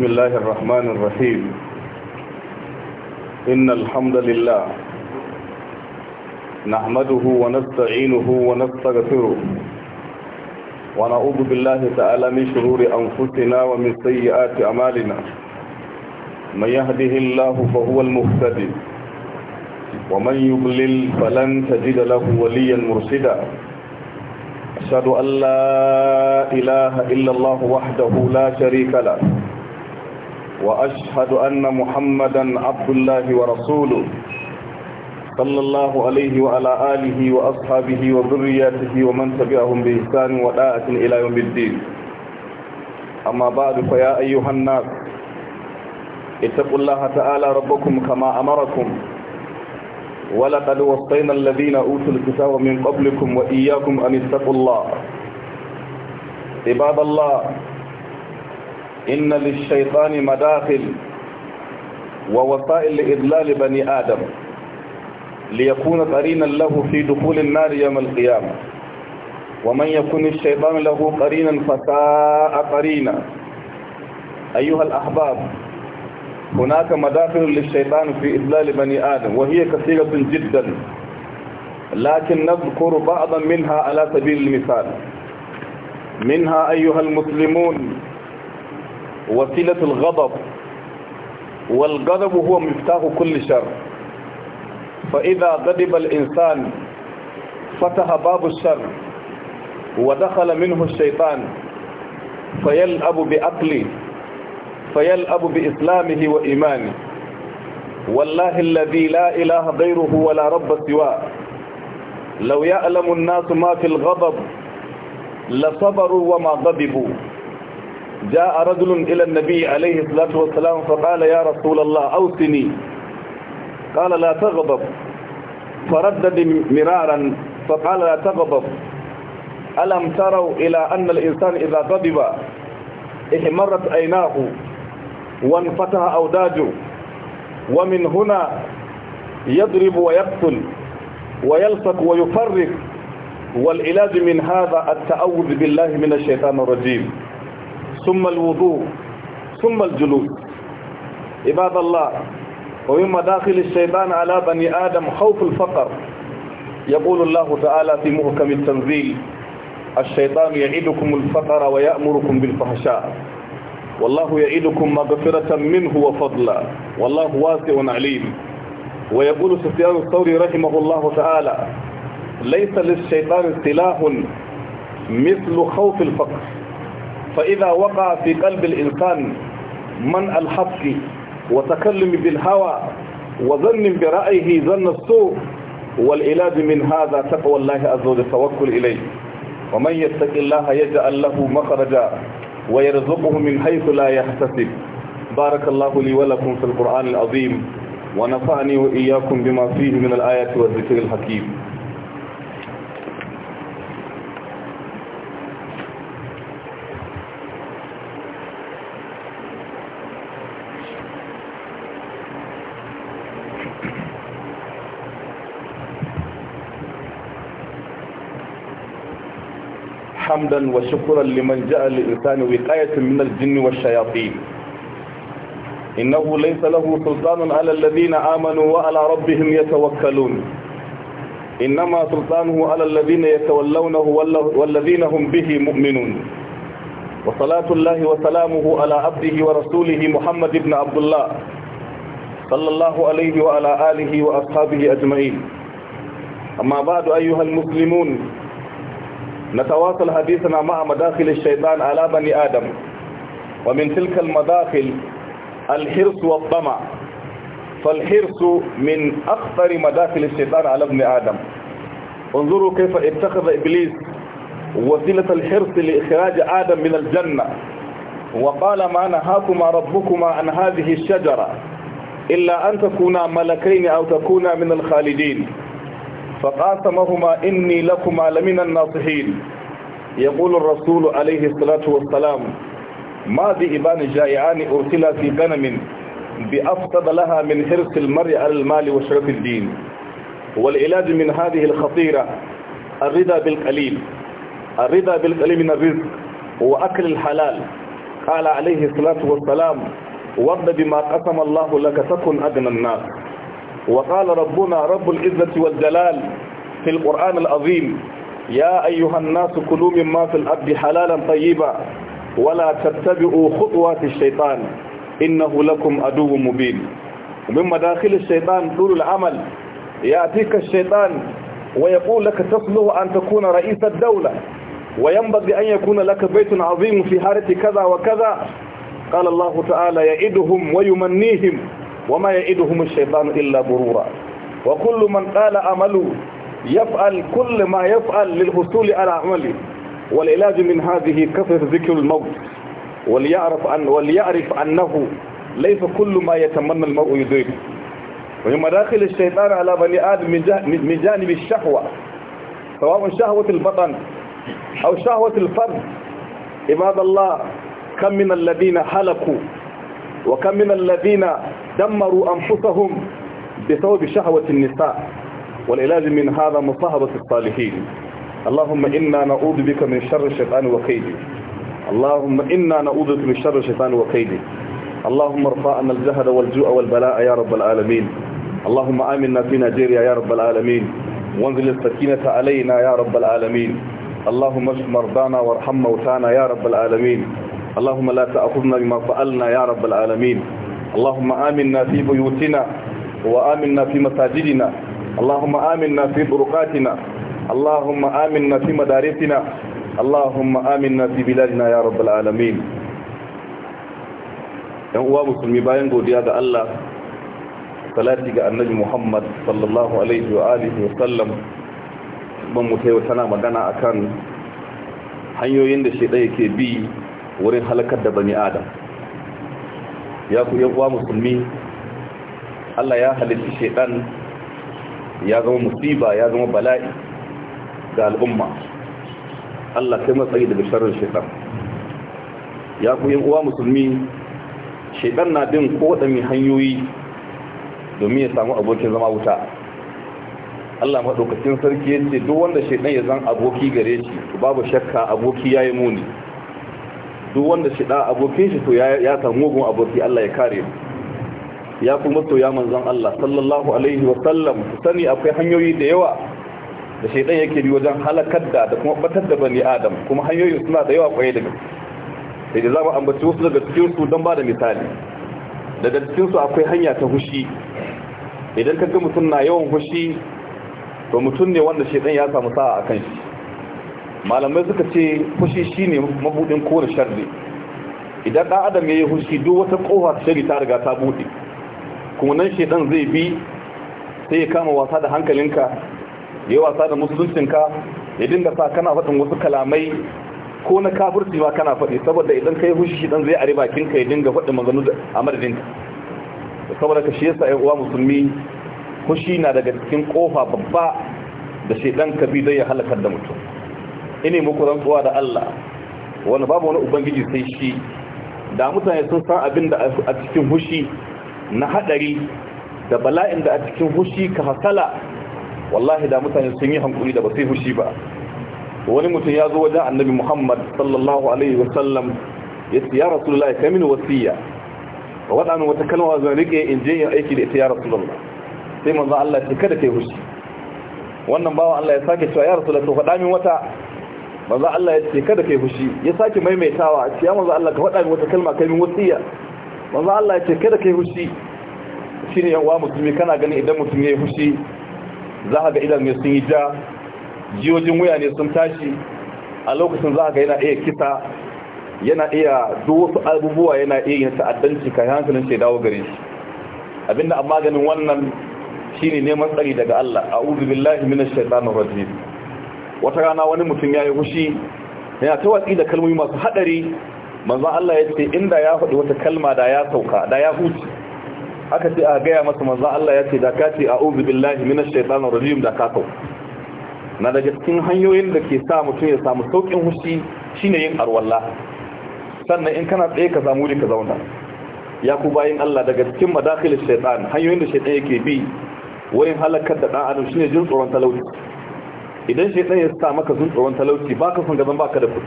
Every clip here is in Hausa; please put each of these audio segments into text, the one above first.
بسم الله الرحمن الرحيم إن الحمد لله نحمده ونستعينه ونستغفره ونعوذ بالله تعالى من شرور أنفسنا ومن سيئات أمالنا من يهده الله فهو المهتدي ومن يضلل فلن تجد له وليا مرشدا أشهد أن لا إله إلا الله وحده لا شريك له وأشهد أن محمدا عبد الله ورسوله صلى الله عليه وعلى آله وأصحابه وذرياته ومن تبعهم بإحسان وداعة إلى يوم الدين أما بعد فيا أيها الناس اتقوا الله تعالى ربكم كما أمركم ولقد وصينا الذين أوتوا الكتاب من قبلكم وإياكم أن اتقوا الله عباد الله إن للشيطان مداخل ووسائل لإضلال بني آدم ليكون قرينا له في دخول النار يوم القيامة ومن يكون الشيطان له قرينا فساء قرينا أيها الأحباب هناك مداخل للشيطان في إضلال بني آدم وهي كثيرة جدا لكن نذكر بعضا منها على سبيل المثال منها أيها المسلمون وسيلة الغضب والغضب هو مفتاح كل شر فإذا غضب الإنسان فتح باب الشر ودخل منه الشيطان فيلعب بأقله فيلعب بإسلامه وإيمانه والله الذي لا إله غيره ولا رب سواه لو يعلم الناس ما في الغضب لصبروا وما غضبوا جاء رجل إلى النبي عليه الصلاة والسلام فقال يا رسول الله أوصني قال لا تغضب فردد مرارا فقال لا تغضب ألم تروا إلى أن الإنسان إذا غضب احمرت عيناه وانفتح أوداجه ومن هنا يضرب ويقتل ويلصق ويفرق والعلاج من هذا التأوذ بالله من الشيطان الرجيم ثم الوضوء ثم الجلوس عباد الله ومن مداخل الشيطان على بني آدم خوف الفقر يقول الله تعالى في محكم التنزيل الشيطان يعدكم الفقر ويأمركم بالفحشاء والله يعدكم مغفرة منه وفضلا والله واسع عليم ويقول سفيان الثوري رحمه الله تعالى ليس للشيطان سلاح مثل خوف الفقر فإذا وقع في قلب الإنسان من الحق وتكلم بالهوى وظن برأيه ظن السوء والعلاج من هذا تقوى الله عز وجل التوكل إليه ومن يتق الله يجعل له مخرجا ويرزقه من حيث لا يحتسب بارك الله لي ولكم في القرآن العظيم ونفعني وإياكم بما فيه من الآيات والذكر الحكيم حمدا وشكرا لمن جاء للإنسان وقاية من الجن والشياطين إنه ليس له سلطان على الذين آمنوا وعلى ربهم يتوكلون إنما سلطانه على الذين يتولونه والذين هم به مؤمنون وصلاة الله وسلامه على عبده ورسوله محمد بن عبد الله صلى الله عليه وعلى آله وأصحابه أجمعين أما بعد أيها المسلمون نتواصل حديثنا مع مداخل الشيطان على بني آدم ومن تلك المداخل الحرص والطمع فالحرص من أخطر مداخل الشيطان على ابن آدم انظروا كيف اتخذ إبليس وسيلة الحرص لإخراج آدم من الجنة وقال ما نهاكما ربكما عن هذه الشجرة إلا أن تكونا ملكين أو تكونا من الخالدين فقاسمهما إني لكما لمن الناصحين يقول الرسول عليه الصلاة والسلام ما إبان جائعان أرسلا في غنم بأفسد لها من حرص المرء على المال وشرف الدين والعلاج من هذه الخطيرة الرضا بالقليل الرضا بالقليل من الرزق وأكل الحلال قال عليه الصلاة والسلام وَرْضَ بما قسم الله لك تكن أَدْنَ الناس وقال ربنا رب العزة والجلال في القرآن العظيم يا أيها الناس كلوا مما في الأرض حلالا طيبا ولا تتبعوا خطوات الشيطان إنه لكم عدو مبين ومن مداخل الشيطان طول العمل يأتيك الشيطان ويقول لك تصلح أن تكون رئيس الدولة وينبغي أن يكون لك بيت عظيم في هارة كذا وكذا قال الله تعالى يئدهم ويمنيهم وما يئدهم الشيطان إلا غرورا وكل من قال أمله يفعل كل ما يفعل للحصول على عمله والعلاج من هذه كثر ذكر الموت وليعرف أن وليعرف أنه ليس كل ما يتمنى المرء يدركه وهي مداخل الشيطان على بني آدم من جانب الشهوة سواء شهوة البطن أو شهوة الفرد عباد الله كم من الذين هلكوا وكم من الذين دمروا أنفسهم بسبب شهوة النساء والعلاج من هذا مصاهبة الصالحين اللهم إنا نعوذ بك من شر الشيطان وقيده اللهم إنا نعوذ بك من شر الشيطان وقيده اللهم ارفع عنا الجهد والجوع والبلاء يا رب العالمين اللهم آمنا في نيجيريا يا رب العالمين وانزل السكينة علينا يا رب العالمين اللهم اشف مرضانا وارحم موتانا يا رب العالمين اللهم لا تأخذنا بما فعلنا يا رب العالمين اللهم آمنا في بيوتنا وآمنا في مساجدنا اللهم آمنا في برقاتنا اللهم آمنا في مدارسنا اللهم آمنا في بلادنا يا رب العالمين yan uwa musulmi bayan godiya ga Allah salati ga annabi Muhammad sallallahu alaihi wa alihi wa sallam ban mutai wa tana magana akan hanyoyin da shedai yake bi wurin halakar da bani adam ya ku yan uwa musulmi Allah ya halitta shedan ya zama musiba ya zama bala'i ga al'umma Allah sai matsayi daga sharrin ya ku yan uwa musulmi shedan na bin kowaɗanne hanyoyi domin ya samu abokin zama wuta Allah maɗaukacin sarki ya ce duk wanda shedan ya zan aboki gare shi babu shakka aboki ya yi muni duk wanda shi abokin shi to ya samu mugun aboki Allah ya kare ya kuma to ya manzon Allah sallallahu alaihi wa sallam sani akwai hanyoyi da yawa da shaidan yake bi wajen halakar da da kuma batar da bani adam kuma hanyoyin suna da yawa kwaye daga sai da mu ambaci wasu daga cikin su don ba da misali daga cikin akwai hanya ta hushi idan ka ga mutum na yawan hushi to mutum ne wanda shaidan ya samu sa'a akan shi malamai suka ce fushi shine mabudin kowane sharri idan ɗan adam ya yi fushi duk wata ƙofa shari ta riga ta buɗe kuma nan shaidan zai bi sai ya kama wasa da hankalinka ya yi wasa da musuluncinka ya dinga sa kana faɗin wasu kalamai ko na kafirci ma kana faɗi saboda idan ka yi fushi shedan zai are bakinka ya dinga faɗin maganu a madadinka saboda ka shi yasa ƴan uwa musulmi fushi na daga cikin ƙofa babba da shaidan ka bi don ya halakar da mutum Ina muku rantsuwa da Allah wani babu wani ubangiji sai shi da mutane sun san abin da a cikin hushi na hadari da bala'in da a cikin hushi ka hasala wallahi da mutane sun yi hankuri da ba sai hushi ba wani mutum ya zo wajen annabi muhammad sallallahu alaihi wasallam ya ce ya rasulullahi kai mini wasiya ba waɗannan wata kalma zan rike in je yin aiki da ita ya rasulullah sai manzo Allah ce kada kai hushi wannan bawa Allah ya sake cewa ya rasulullah to faɗa min wata manzo Allah ya ce kada kai fushi ya sake maimaitawa ce ya manzo Allah ka faɗa min wata kalma kai min wasiya manzo Allah ya ce kada kai fushi shine yan uwa musulmi kana gani idan mutum yayi fushi za ka ga idan ne sun yi ja jiyojin wuya ne sun tashi a lokacin za ka ga yana iya kisa yana iya duk abubuwa yana iya yin ta'addanci kai hankalin shi dawo gare shi abinda amma ganin wannan shine neman tsari daga Allah a'udhu billahi minash shaitanir rajim wata rana wani mutum ya yi hushi yana ta watsi da kalmomi masu haɗari manzan Allah ya ce inda ya faɗi wata kalma da ya sauka da ya huce aka ce a gaya masa manzan Allah ya ce da ka ce a uzu billahi minas shaitan rajim da ka sau na daga cikin hanyoyin da ke sa mutum ya samu sauƙin hushi shine yin arwalla sannan in kana tsaye ka samu wuri ka zauna ya ku bayin Allah daga cikin madakhil shaitan hanyoyin da shaitan yake bi wayin halakar da ɗan adam shine jin tsoron talauci idan shaidan ya sa maka zun tsoron talauci ba ka son gaban ba ka da kudi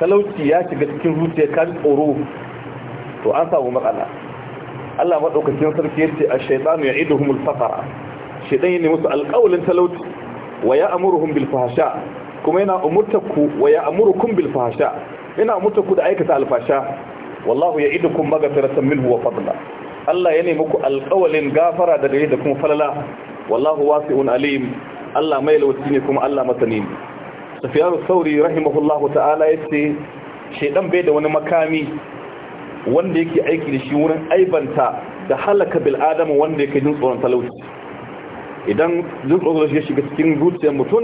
talauci ya shiga cikin zuciya ka ji tsoro to an samu matsala Allah maɗaukakin sarki yace a shaidanu ya idu humul faqara shaidan yana musu alƙawalin talauci wa ya amuruhum bil fahsha kuma yana umurtaku wa ya amurukum bil fahsha yana umurtaku da aikata alfasha wallahu ya idukum maghfiratan minhu wa fadla Allah ya nemi ku alƙawalin gafara daga yadda kuma falala wallahu wasi'un alim Allah mai lauci ne kuma Allah masani ne Safiyar sauri rahimahullahu ta'ala ya ce shaiɗan bai da wani makami wanda yake aiki da shi wurin aibanta da halaka bil wanda yake jin tsoron talauci idan jin tsoron shi ya shiga cikin zuciyar mutum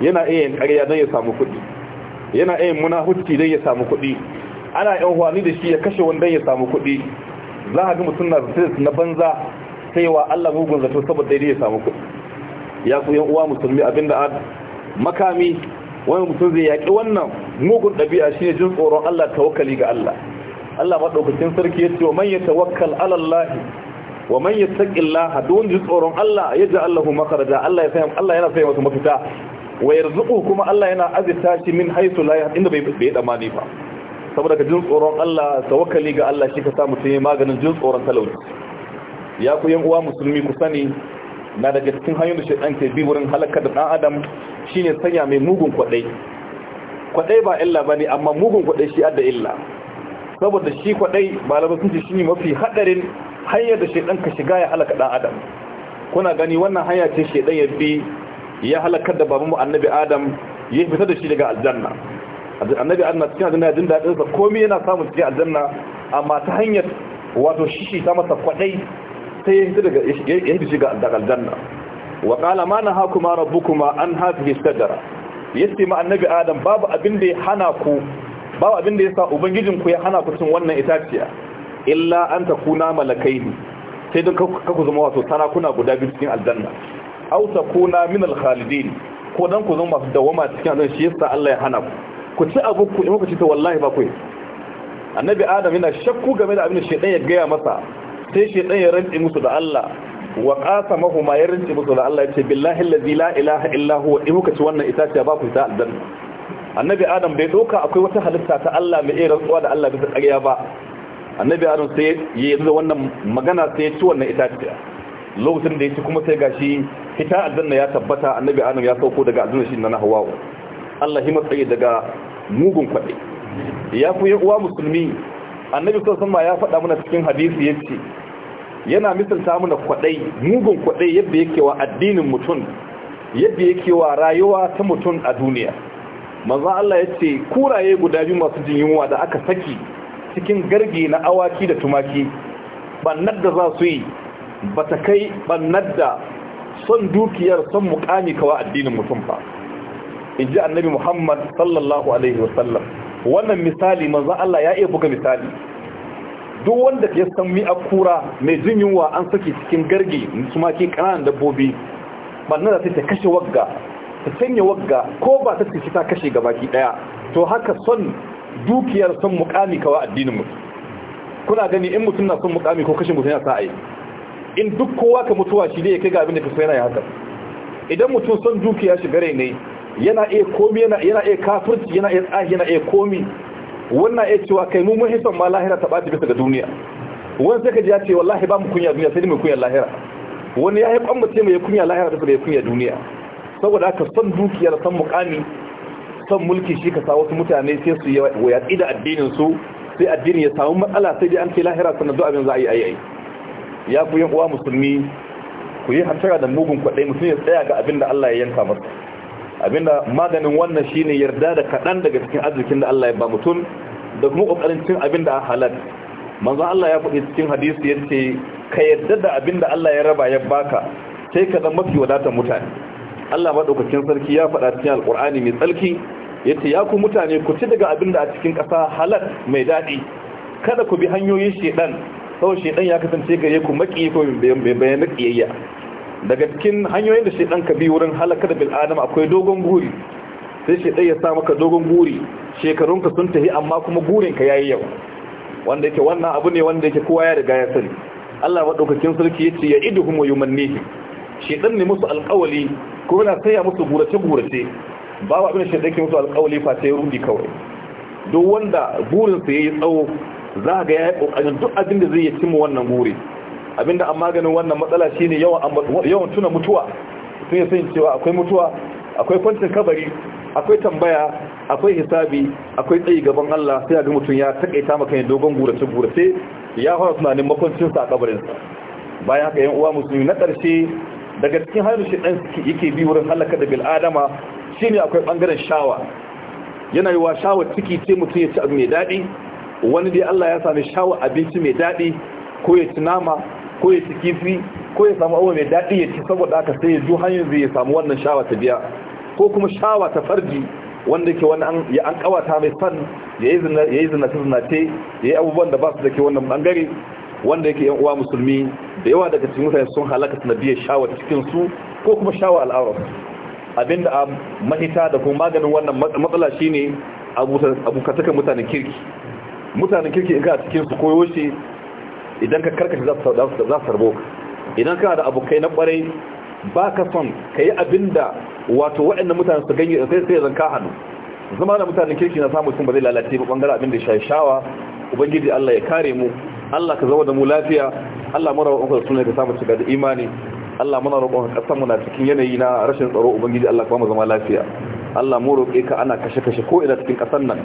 yana iya yin ƙarya don ya samu kuɗi yana iya munahucci don ya samu kuɗi ana yan hwani da shi ya kashe wanda ya samu kuɗi za a ga mutum na zata na banza sai wa Allah mugun zato saboda dai ya samu kuɗi ya ku yan uwa musulmi abinda a makami wani mutum zai yaƙi wannan mugun ɗabi'a shine jin tsoron Allah tawakkali ga Allah Allah maɗaukacin sarki yace wa man yatawakkal ala Allah wa man yattaqillaha don jin tsoron Allah yaja Allahu makaraja Allah ya fahim Allah yana fahim wasu mafita wa yarzuqu kuma Allah yana azita shi min haythu la yahdi inda bai bai damani ba saboda ka jin tsoron Allah tawakkali ga Allah shi ka sa mutum maganin jin tsoron talauci ya ku yan uwa musulmi ku sani na daga cikin hanyoyin da shaidan ke bi wurin halakar da ɗan adam shine sanya mai mugun kwaɗai kwaɗai ba illa ba ne amma mugun kwaɗai shi adda illa saboda shi kwaɗai malabar sun ce shi ne mafi haɗarin hanyar da shaidan ka shiga ya halaka ɗan adam kuna gani wannan hanya ce shaidan ya bi ya halakar da babanmu annabi adam ya fita da shi daga aljanna annabi adam cikin aljanna ya jin daɗinsa komai yana samun cikin aljanna amma ta hanyar wato shishi ta masa kwaɗai sai ya hita daga ya hita shiga daga aljanna wa kala ma rabu kuma an hadhihi ya ce ma annabi adam babu abin da ya hana ku babu abin da yasa ubangijin ku ya hana ku cin wannan itaciya illa an ta malakai ne sai ka ku zama wato sarakuna guda biyu cikin aljanna ta kuna min alkhalidin ko dan ku zama masu dawama cikin aljanna shi yasa Allah ya hana ku ku ci abu ku in ku ci ta wallahi ba ku annabi adam yana shakku game da abin da shaidan ya gaya masa sai shi ɗan ya rantsi musu da Allah wa ƙasa ma ya rantsi musu da Allah ya ce billahi lazi la ilaha illahu in kuka ci wannan itaciya ba ku ta a annabi adam bai doka akwai wata halitta ta Allah mai irin rantsuwa da Allah bisa ƙarya ba annabi adam sai ya yi yanzu wannan magana sai ya ci wannan itaciya lokacin da ya ci kuma sai gashi hita aljanna ya tabbata annabi adam ya sauko daga aljanna shi na hawawu Allah hima tsaye daga mugun kwaɗe ya ku uwa musulmi annabi sallallahu alaihi wasallam ya faɗa mana cikin hadisi yace yana misalta mana kwadai mugun kwadai yadda yake wa addinin mutum yadda yake wa rayuwa ta mutum a duniya manzo Allah yace kuraye guda biyu masu jin yunwa da aka saki cikin garge na awaki da tumaki bannar da za su yi ba ta kai bannar da son dukiyar son mukami kawa addinin mutum fa. Inji annabi muhammad sallallahu alaihi wasallam wannan misali manzo Allah ya iya buga misali duk wanda ya san mi akura mai jin yunwa an saki cikin garge sumakin kananan dabbobi bannan da sai ta kashe wagga ta sanya wagga ko ba ta cikin ta kashe gabaki daya to haka son dukiyar son mukami kawa addinin mutum kuna gani in mutum na son mukami ko kashe mutum yana sa ayi in duk kowa ka mutuwa shi ne ya kai ga abin da ka so ya haka idan mutum son dukiya shi gare ne yana iya komi yana iya kafirci yana iya tsahi yana iya komi wannan ya cewa kai mu mun ma lahira ta ɓaci bisa ga duniya wani sai ka ji ya ce wallahi ba mu kunya duniya sai dai mai kunya lahira wani ya yi ɓan mace mai kunya lahira bisa da ya kunya duniya saboda aka son dukiya da son mukami son mulki shi ka sa wasu mutane sai su yi yatsi da addinin su sai addini ya samu matsala sai dai an ce lahira sannan zuwa abin za a yi ayi ya ku yan uwa musulmi ku yi hantara da mugun kwaɗai musulmi ya tsaya ga abin da Allah ya yanka masa abinda maganin wannan shine yarda da kaɗan daga cikin arzikin da Allah ya ba mutum da kuma kokarin cin abinda da halal manzo Allah ya faɗi cikin hadisi yace ka yarda da abinda Allah ya raba ya baka sai ka zama mafi wadatar mutane Allah madaukakin sarki ya faɗa cikin alƙur'ani mai tsarki yace ya ku mutane ku ci daga abin da a cikin ƙasa halal mai daɗi kada ku bi hanyoyin shedan sau shedan ya kasance gare ku maki ko bayan kiyayya daga cikin hanyoyin da shaidan ka bi wurin halaka da bil adam akwai dogon guri sai shaidan ya sa maka dogon guri shekarunka sun tafi amma kuma gurin ka yayi yawa wanda yake wannan abu ne wanda yake kowa ya riga ya sani Allah madaukakin sarki yace ya iduhum wa yumannihi shaidan ne musu alƙawali ko yana saya musu gurace gurace babu abin da shaidan ke musu alƙawali fa sai rubi kawai duk wanda burinsa yayi tsawo za ga ya yi ƙoƙarin duk abin da zai yi cimma wannan buri. abinda an maganin wannan matsala ne yawan tuna mutuwa tun yi sani cewa akwai mutuwa akwai kwancin kabari akwai tambaya akwai hisabi akwai tsayi gaban Allah sai ga mutum ya takaita maka ne dogon gurace gurace ya fara tunanin makwancin sa a kabarin sa bayan haka yan uwa musulmi na karshe daga cikin halin shi dan yake bi wurin halaka da bil adama shine akwai bangaren shawa yana wa shawa ciki ce mutum ya ci abu mai daɗi wani dai Allah ya sami shawa abinci mai daɗi ko ya ci nama ko ya ci kifi ko ya samu abu mai daɗi ya ci saboda aka sai ya zo hanyar zai ya samu wannan shawa ta biya ko kuma shawa ta farji wanda ke wani an kawata mai san ya yi zinace zinace ya yi abubuwan da ba su da ke wannan bangare wanda yake yan uwa musulmi da yawa daga cikin mutane sun halaka sanadiyar shawa ta cikin su ko kuma shawa al'aurar abinda a um, mahita da kuma maganin wannan matsala shine abokatakan mutanen kirki mutanen kirki in ka cikin su koyo shi idan ka karkashi za su sarbo idan kana da abokai na kwarai ba ka son ka yi abin da wato waɗanda mutane su ganye sai sai zan ka hannu zama da mutanen kirki na samun sun ba zai lalace ba bangare abin da shawa ubangiji Allah ya kare mu Allah ka zama da mu lafiya Allah mara roƙon ka sunan ka samu shiga da imani Allah muna roƙon ka mu na cikin yanayi na rashin tsaro ubangiji Allah ka mu zama lafiya Allah mu roƙe ka ana kashe kashe ko ina cikin ƙasar nan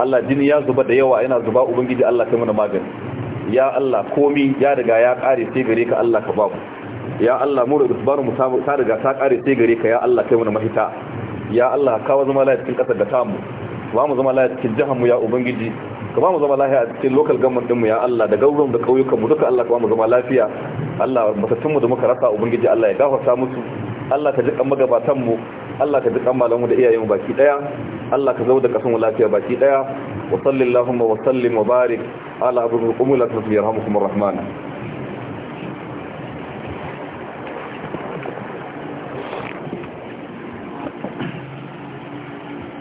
Allah jini ya zuba da yawa yana zuba ubangiji Allah kai mana magani ya Allah komi ya riga ya kare sai gare ka Allah ka babu ya Allah mu da bar mu ta riga ta kare sai gare ka ya Allah kai mu mafita mahita ya Allah kawo zama lafiya cikin kasar da tamu ba mu zama lafiya cikin jihar mu ya ubangiji ka ba mu zama lafiya a cikin local government din mu ya Allah da gauron da kauyukan mu duka Allah ka ba mu zama lafiya Allah matattun mu da muka rasa ubangiji Allah ya gafarta musu Allah ka jikan magabatan mu Allah ka jikan malamu da iyayen mu baki daya Allah ka zauda da kasan lafiya baki daya وصل اللهم وسلم وبارك على أبو القملة يرحمكم الرحمن